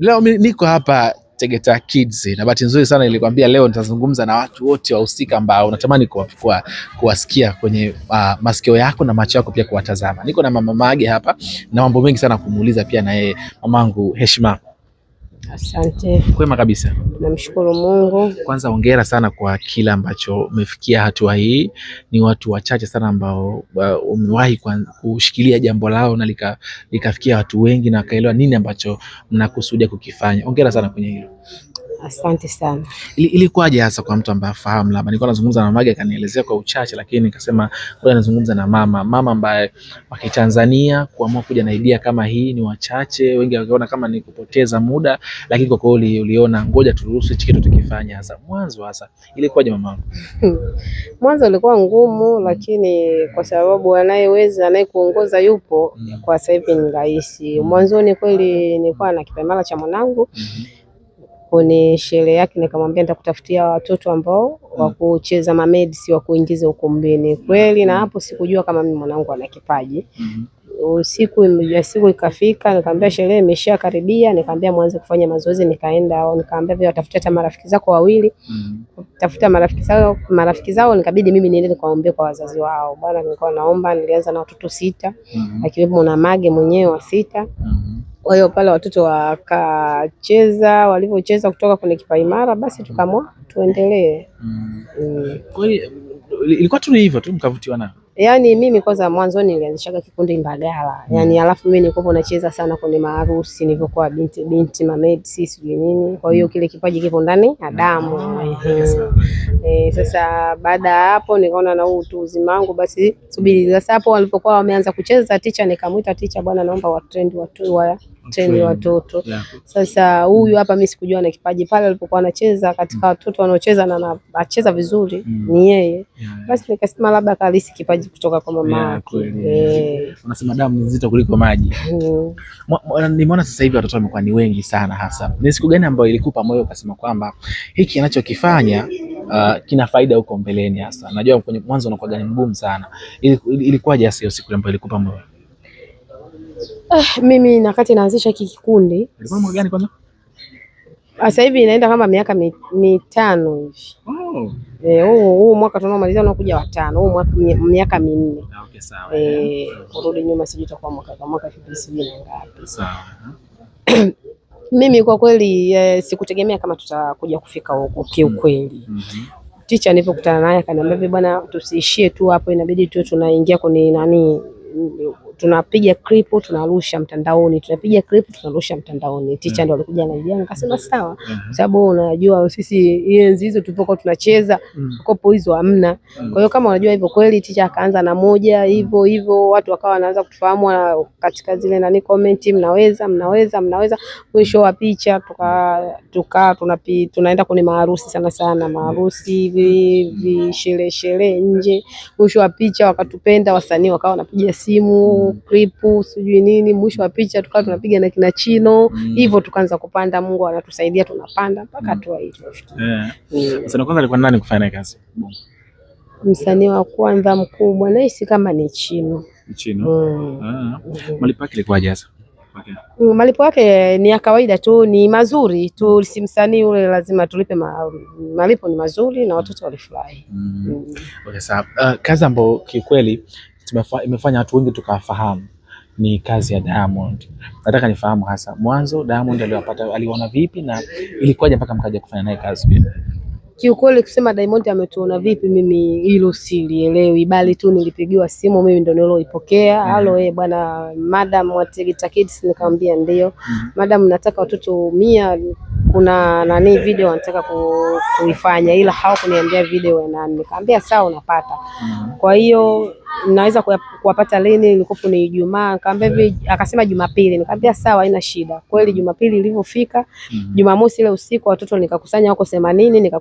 Leo niko hapa Tegeta Kids na bahati nzuri sana nilikwambia leo nitazungumza na watu wote wahusika ambao unatamani kuwa, kuwasikia kwenye uh, masikio yako na macho yako pia kuwatazama. Niko na Mama Mage hapa na mambo mengi sana kumuuliza pia na yeye. Mamangu, heshima Asante. Kwema kabisa. Namshukuru Mungu. Kwanza hongera sana kwa kila ambacho umefikia hatua hii. Ni watu wachache sana ambao umewahi kushikilia jambo lao na likafikia watu wengi na wakaelewa nini ambacho mnakusudia kukifanya. Hongera sana kwenye hilo. Asante sana. Ilikuwaje hasa kwa mtu ambaye afahamu, labda nilikuwa nazungumza na mage akanielezea kwa uchache, lakini nikasema ngoja nazungumza na mama, mama ambaye wa Kitanzania kuamua kuja na idea kama hii ni wachache, wengi wakiona kama ni kupoteza muda, lakini kwa kweli uliona ngoja turuhusu hichi kitu tukifanya. Hasa mwanzo, hasa ilikuwaje mama? Mwanzo ulikuwa ngumu, lakini kwa sababu anayeweza anayekuongoza yupo mm. Kwa sasa hivi ni rahisi. Mwanzoni kweli nilikuwa na kipemala cha mwanangu mm -hmm kwenye sherehe yake, nikamwambia nitakutafutia watoto ambao wa mm. kucheza mamedi, si wa kuingiza ukumbini. Kweli na hapo sikujua kama mimi mwanangu ana kipaji mm-hmm. Usiku ya siku ikafika, nikamwambia sherehe imeshakaribia, nikamwambia mwanze kufanya mazoezi. Nikaenda au nikamwambia vile watafuta hata marafiki zako wawili mm-hmm. tafuta marafiki zao, marafiki zao. Nikabidi mimi niende nikaombe kwa wazazi wao, bwana, nilikuwa naomba. Nilianza na watoto sita mm-hmm. akiwemo na mage mwenyewe wa sita mm -hmm. Kwa hiyo pale watoto wakacheza, walivyocheza kutoka kwenye kipaimara, basi tukamwa tuendelee. Mm. Kwa hiyo ilikuwa tu hivyo tu mkavutiwa nayo? Yaani mimi kwanza mwanzoni nilianzishaga kikundi Mbagala mm. yaani alafu mimi nilikuwa nacheza sana kwenye maharusi nilivyokuwa binti binti mamedsi sijui nini, kwa hiyo mm. kile kipaji kipo ndani ya mm. damu ah, mm. E, sasa baada ya hapo nikaona na huu utu uzima wangu basi subiri. Sasa hapo walipokuwa wameanza kucheza, ticha nikamwita ticha, bwana, naomba watrend watu wa kumtrain watoto yeah. Sasa huyu hapa mimi sikujua na kipaji pale alipokuwa anacheza katika mm. watoto wanaocheza na anacheza vizuri mm. ni yeye yeah. Basi nikasema labda kalisi kipaji kutoka kwa mama yake yeah, eh. unasema damu ni nzito kuliko maji mm. Nimeona sasa hivi watoto wamekuwa ni wengi sana, hasa ni siku gani ambayo ilikupa moyo ukasema kwamba hiki anachokifanya Uh, kina faida huko mbeleni. Hasa najua kwenye mwanzo unakuwa gani mgumu sana, ilikuwaje hasa hiyo siku ambayo ilikupa moyo? Eh, mimi nakati naanzisha hiki kikundi ah, sasa hivi inaenda kama miaka mitano hivi. Oh. Eh, mwaka tunaomaliza unakuja watano, huu mwaka miaka minne. Ah, okay, sawa. Eh, kurudi nyuma sijui itakuwa mwaka kama mwaka elfu mbili sijui na ngapi. Uh-huh. Mimi kwa kweli eh, sikutegemea kama tutakuja kufika huko kiukweli. Mm -hmm. Ticha nilipokutana naye akaniambia bwana, tusiishie tu hapo, inabidi tu tunaingia kwenye nani tunapiga clip tunarusha mtandaoni, tunapiga clip tunarusha mtandaoni. Ticha ndo alikuja na idea, nikasema mm. sawa, mm-hmm. kwa sababu unajua sisi enzi hizo tulipokuwa tunacheza mm. kopo hizo hamna. Mm. Kwa hiyo kama unajua hivyo kweli, ticha akaanza na moja hivyo hivyo, watu wakawa wanaanza kutufahamu katika zile nani comment, mnaweza mnaweza mnaweza, mwisho wa picha tuka tuka tunapi, tunaenda kwenye maharusi sana sana, maharusi hivi visherehe sherehe nje, mwisho wa picha wakatupenda wasanii, wakawa wanapiga simu zangu klipu sijui nini, mwisho wa picha tukawa tunapiga na kina Chino mm. hivyo, mm. tukaanza kupanda. Mungu anatusaidia tunapanda mpaka mm. hatua hii tumefikia. yeah. mm. Msanii wa kwanza alikuwa nani kufanya kazi? Msanii wa kwanza mkubwa nahisi kama ni Chino. Chino. Mm. Ah. Malipo yake ilikuwa jaza Okay. Mm, malipo yake ni ya kawaida tu, ni mazuri tu, si msanii ule lazima tulipe ma, malipo ni mazuri na watoto walifurahi. mm. mm. Okay, sawa. Uh, kazi ambayo kiukweli imefanya watu wengi tukawafahamu ni kazi ya Diamond. Nataka nifahamu hasa mwanzo Diamond aliwapata aliona vipi na ilikuwaje mpaka mkaja kufanya naye kazi pia? Kiukweli kusema Diamond ametuona vipi, mimi hilo silielewi, bali tu nilipigiwa simu, mimi ndo niloipokea. Mm-hmm. Halo, mm. Eh, bwana madam wa Tigita Kids, nikamwambia ndio. Mm. Madam, nataka watoto mia kuna nani video wanataka kuifanya, ila hawakuniambia video nani. Nikaambia sawa, unapata. Mm-hmm. Kwa hiyo naweza kuwapata lini? Ilikuwa ni Ijumaa. Nikaambia hivi, akasema Jumapili. Nikaambia sawa, haina shida. Kweli Jumapili ilivyofika, mm-hmm. Jumamosi ile usiku watoto nikakusanya huko themanini nika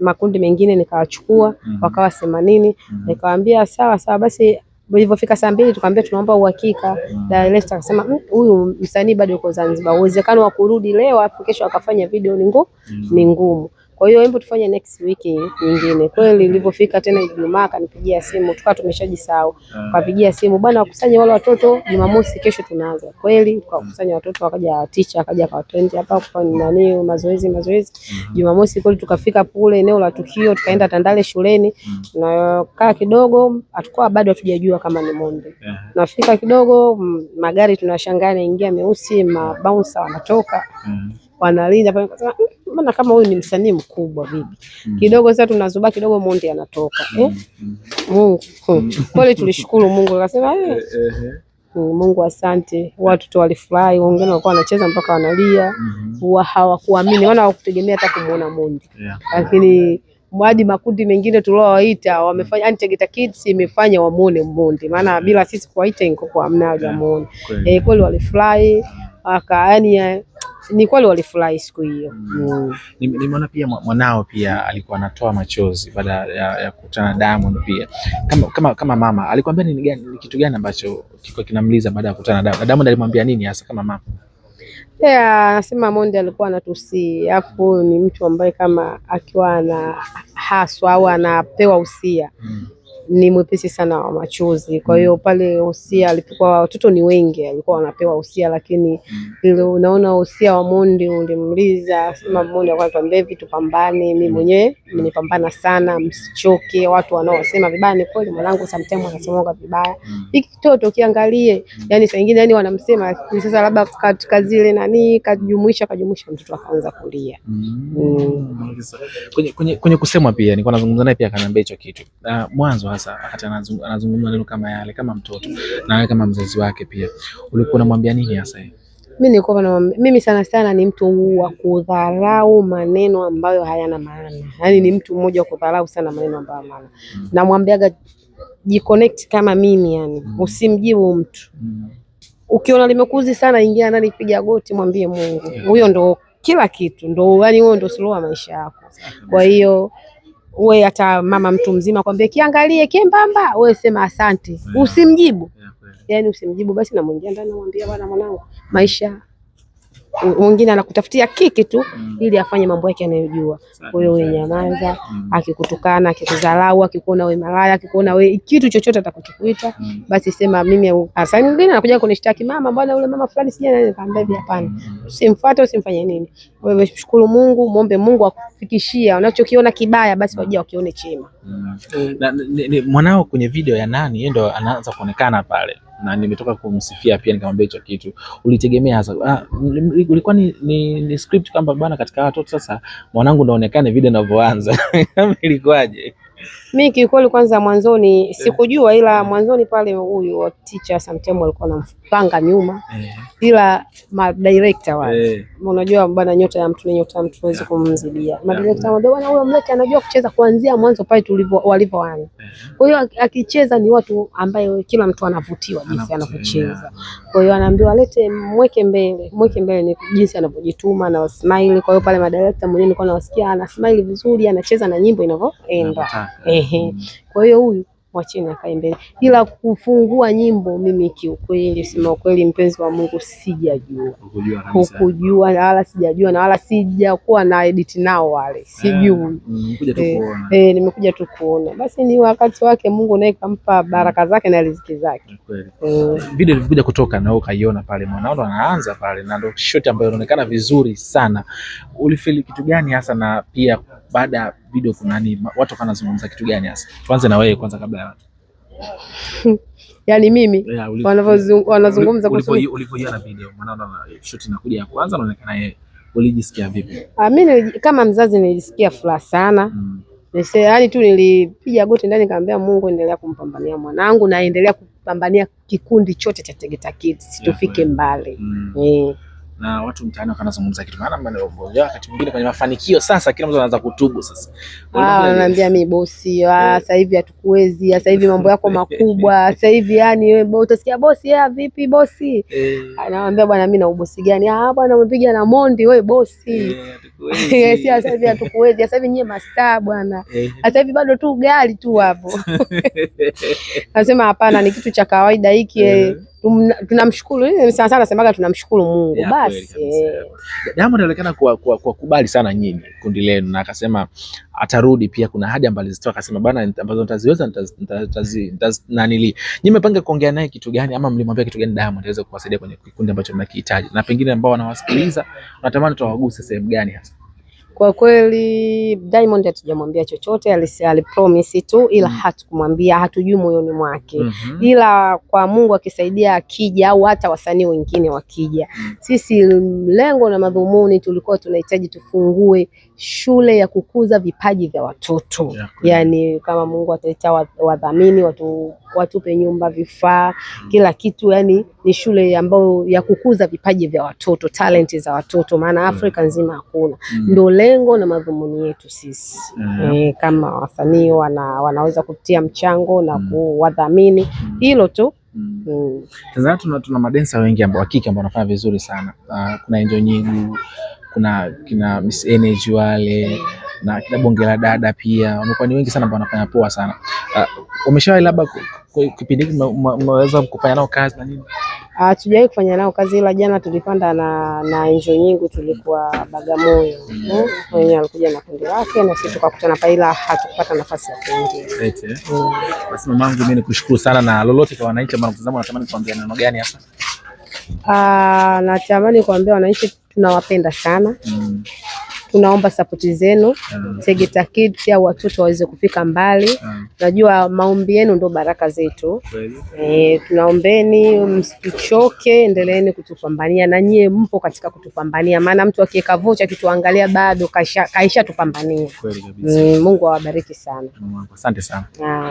makundi mengine nikawachukua, mm-hmm. wakawa -hmm. Nikawaambia sawa sawa basi Ilivyofika saa mbili tukamwambia tunaomba uhakika. Director akasema mm, huyu msanii bado yuko Zanzibar, uwezekano wa kurudi leo afu kesho akafanya video ni mm. ngumu. Kwa hiyo hebu tufanye next week nyingine. Kweli ilivyofika tena Ijumaa akanipigia simu, tukawa tumeshajisahau. Ah. Kapigia simu bwana, wakusanye wale watoto Jumamosi kesho tunaanza. Kweli tukawakusanya watoto, wakaja teacher akaja kwa trend hapa kwa nani mazoezi mazoezi. Mm-hmm. Jumamosi kweli tukafika kule eneo la tukio, tukaenda Tandale shuleni. Mm-hmm. na kaa kidogo, atakuwa bado hatujajua kama ni Monde. Nafika kidogo magari tunashangaa yanaingia meusi, mabouncer wanatoka. Mm-hmm wanalinda pale, nikasema hmm, maana kama huyu ni msanii mkubwa vipi? mm. kidogo sasa tunazubaa kidogo, Mondi anatoka hmm, eh? Hmm. Mungu mm. kweli tulishukuru Mungu, akasema eh. eh. eh, eh. Mungu asante, watoto walifurahi, wengine walikuwa wanacheza mpaka wanalia. mm -hmm. Hawakuamini, wana hawakutegemea hata kumuona Mondi. yeah. Lakini hadi makundi mengine tuliowaita wamefanya, yani Tegeta Kids imefanya wamuone Mondi, maana bila sisi kuwaita ingekuwa hamna haja muone. Eh, kweli walifurahi aka yani ni kweli walifurahi siku hiyo. Mm. Nimeona pia mwanao pia alikuwa anatoa machozi baada ya, ya kukutana Diamond pia. Kama, kama, kama mama alikwambia ni, ni kitu gani ambacho kiko kinamliza baada ya kukutana Diamond? Na Diamond alimwambia nini hasa kama mama? Anasema yeah, Monde alikuwa anatusi, alafu ni mtu ambaye kama akiwa ana haswa au anapewa usia mm ni mwepesi sana wa machozi. Kwa hiyo mm. pale hosia alipokuwa watoto ni wengi, alikuwa wanapewa hosia, lakini mm. ile unaona hosia wa mondi ulimliza sema Mondi alikuwa anatuambia hivi, tupambane. Mimi mm. mwenyewe nimepambana sana, msichoke. Watu wanaosema vibaya ni kweli, mwanangu sometimes anasemaga vibaya hiki kitoto, kiangalie. Yani saa nyingine yani wanamsema, sasa labda katika zile nani kajumuisha kajumuisha, mtoto akaanza kulia mm. Mm. Kwenye, kwenye, kwenye kusema pia nilikuwa nazungumza naye pia akaniambia hicho kitu uh, mwanzo sasa wakati anazungumza neno kama yale, kama mtoto na wewe kama mzazi wake pia, ulikuwa unamwambia nini hasa yeye? Mimi nilikuwa na mimi sana sana ni mtu wa kudharau maneno ambayo hayana maana, yaani ni mtu mmoja wa kudharau sana maneno ambayo hayana maana mm. namwambiaga jiconnect kama mimi yani mm. usimjibu mtu mm. ukiona limekuzi sana, ingia ndani, piga goti, mwambie Mungu huyo yeah. ndo kila kitu ndo yani, huyo ndo suluhu ya maisha yako, kwa hiyo we hata mama mtu mzima kwambie kiangalie kiembamba, we sema asante, usimjibu Yani usimjibu basi, namwingia ndani namwambia, bwana mwanangu, maisha mwingine anakutafutia kiki tu mm. ili afanye mambo yake anayojua. Kwa hiyo wewe nyamaza, mm. akikutukana, akikudharau, akikuona wewe malaya, akikuona wewe kitu chochote atakachokuita mm. basi sema mimi hasa ah, mwingine anakuja kunishtaki, mama, bwana yule mama fulani sija na nikamwambia hivi, hapana, mm. usimfuate usimfanye nini. Wewe shukuru Mungu, muombe Mungu akufikishia unachokiona kibaya, basi mm. waje wakione chema. mm. mm. mwanao kwenye video ya nani yeye ndo anaanza kuonekana pale na nimetoka kumsifia pia nikamwambia hicho kitu ulitegemea hasa ah, ulikuwa ni, ni, ni script kwamba bana katika watoto sasa mwanangu ndaonekane vile ninavyoanza ilikuwaje? Mimi kiukweli, kwanza mwanzoni eh. sikujua, ila mwanzoni pale huyu teacher Samtemo alikuwa na kupanga nyuma eh, ila madirekta wale eh, unajua bwana, nyota ya mtu ni nyota ya mtu, huwezi kumzidia madirekta wale. Bwana huyo mleke anajua kucheza kuanzia mwanzo pale tulivyo walivyoanza. Eh. Kwa hiyo akicheza ni watu ambaye kila mtu anavutiwa jinsi anavyocheza. Kwa hiyo anaambiwa lete, mweke mbele, mweke mbele ni jinsi anavyojituma na smile. Kwa hiyo pale madirekta mwenyewe nilikuwa nawasikia ana smile vizuri, anacheza na nyimbo inavyoenda, ehe. Mm. Kwa hiyo huyu wachini chini akae mbele, bila kufungua nyimbo. Mimi kiukweli, sema ukweli, mpenzi wa Mungu, sijajua hukujua, na wala sijajua, na wala sijakuwa na edit nao wale, sijui eh, eh, eh, nimekuja tu kuona. Basi ni wakati wake, Mungu naye kampa baraka zake na riziki zake. Eh. Video ilikuja kutoka na ukaiona pale, mwanao anaanza pale, na ndio shoti ambayo inaonekana vizuri sana. Ulifeel kitu gani hasa na pia baada ya video kuna Watu wanazungumza kitu gani hasa? Tuanze na wewe kwanza kabla ya watu. Yaani mimi wanazungumza kuhusu ulipoiona video, maana shoot inakuja ya kwanza naonekana yeye. Ulijisikia vipi? Ah, mimi kama mzazi nilijisikia furaha sana. Mm. yaani tu nilipiga goti ndani nikamwambia Mungu endelea kumpambania mwanangu na endelea kupambania kikundi chote cha Tegeta Kids, yeah, tufike mbali. Mm. E na watu mtaani wakanazungumza kitu maana mbona uongozi wakati mwingine kwenye mafanikio sasa kila mtu anaanza kutubu sasa. Ah, ananiambia mimi bosi, ah, eh. sasa hivi hatukuwezi, sasa hivi mambo yako makubwa, sasa hivi yani wewe bosi utasikia bosi, yeye ah, vipi bosi? Eh. Anaambia bwana mimi na ubosi gani? Ah bwana umepiga na Mondi wewe bosi. Eh, hatukuwezi. Sasa hivi hatukuwezi, sasa hivi nyie mastaa bwana. Sasa hivi bado tu gari tu hapo. Anasema hapana, ni kitu cha kawaida hiki tunamshukuru eh, sana sana, semaga tunamshukuru Mungu yeah, basi Diamond alionekana kuwakubali sana nyinyi kundi lenu, na akasema atarudi pia. Kuna ahadi ambazo alizitoa akasema bana, ambazo nitaziweza nanili. Nyinyi mmepanga kuongea naye kitu gani, ama mlimwambia kitu gani Diamond aweze kuwasaidia kwenye kikundi ambacho mnakihitaji, na pengine ambao wanawasikiliza wanatamani tutawaguse sehemu gani hasa? Kwa kweli Diamond hatujamwambia chochote, alipromise tu, ila mm. hatukumwambia, hatujui moyoni mwake mm -hmm. Ila kwa Mungu akisaidia, akija au hata wasanii wengine wakija, mm. sisi lengo na madhumuni tulikuwa tunahitaji tufungue shule ya kukuza vipaji vya watoto yeah. Yani kama Mungu ataita wadhamini watu, watupe nyumba, vifaa, mm. kila kitu, yani ni shule ambayo ya kukuza vipaji vya watoto, talenti za watoto, maana Afrika nzima hakuna mm. Ndio malengo na madhumuni yetu sisi mm. E, kama wasanii wana, wanaweza kutia mchango na mm. kuwadhamini mhm. hilo tu mm. mm. Tanzania tuna, tuna madensa wengi ambao hakika ambao wanafanya vizuri sana uh, kuna Enjo Nyigu kuna kina Miss Energy wale na kina bonge la dada pia wamekuwa ni wengi sana ambao wanafanya poa sana. Ah, umeshawahi uh, labda kipindi meweza kufanya nao kazi na nini? Ah, hatujawahi kufanya nao kazi, ila jana tulipanda na na enjo nyingi, tulikuwa Bagamoyo mm. wenyewe, alikuja na kundi lake na sisi tukakutana pale, ila hatukupata nafasi ya kuongea. Basi eh? mm. mamangu, mimi nikushukuru sana, na lolote kwa wananchi ambao wanatazama, natamani kuambia neno gani hasa? Ah, natamani kuambia wananchi tunawapenda sana mm tunaomba sapoti zenu mm. Tegeta Kids au watoto waweze kufika mbali. Mm. Najua maombi yenu ndio baraka zetu. E, tunaombeni msichoke, endeleeni kutupambania na nyie mpo katika kutupambania, maana mtu akiweka vocha akituangalia bado kaisha, kaisha tupambania. Mm, Mungu awabariki sana. Asante sana. Ah.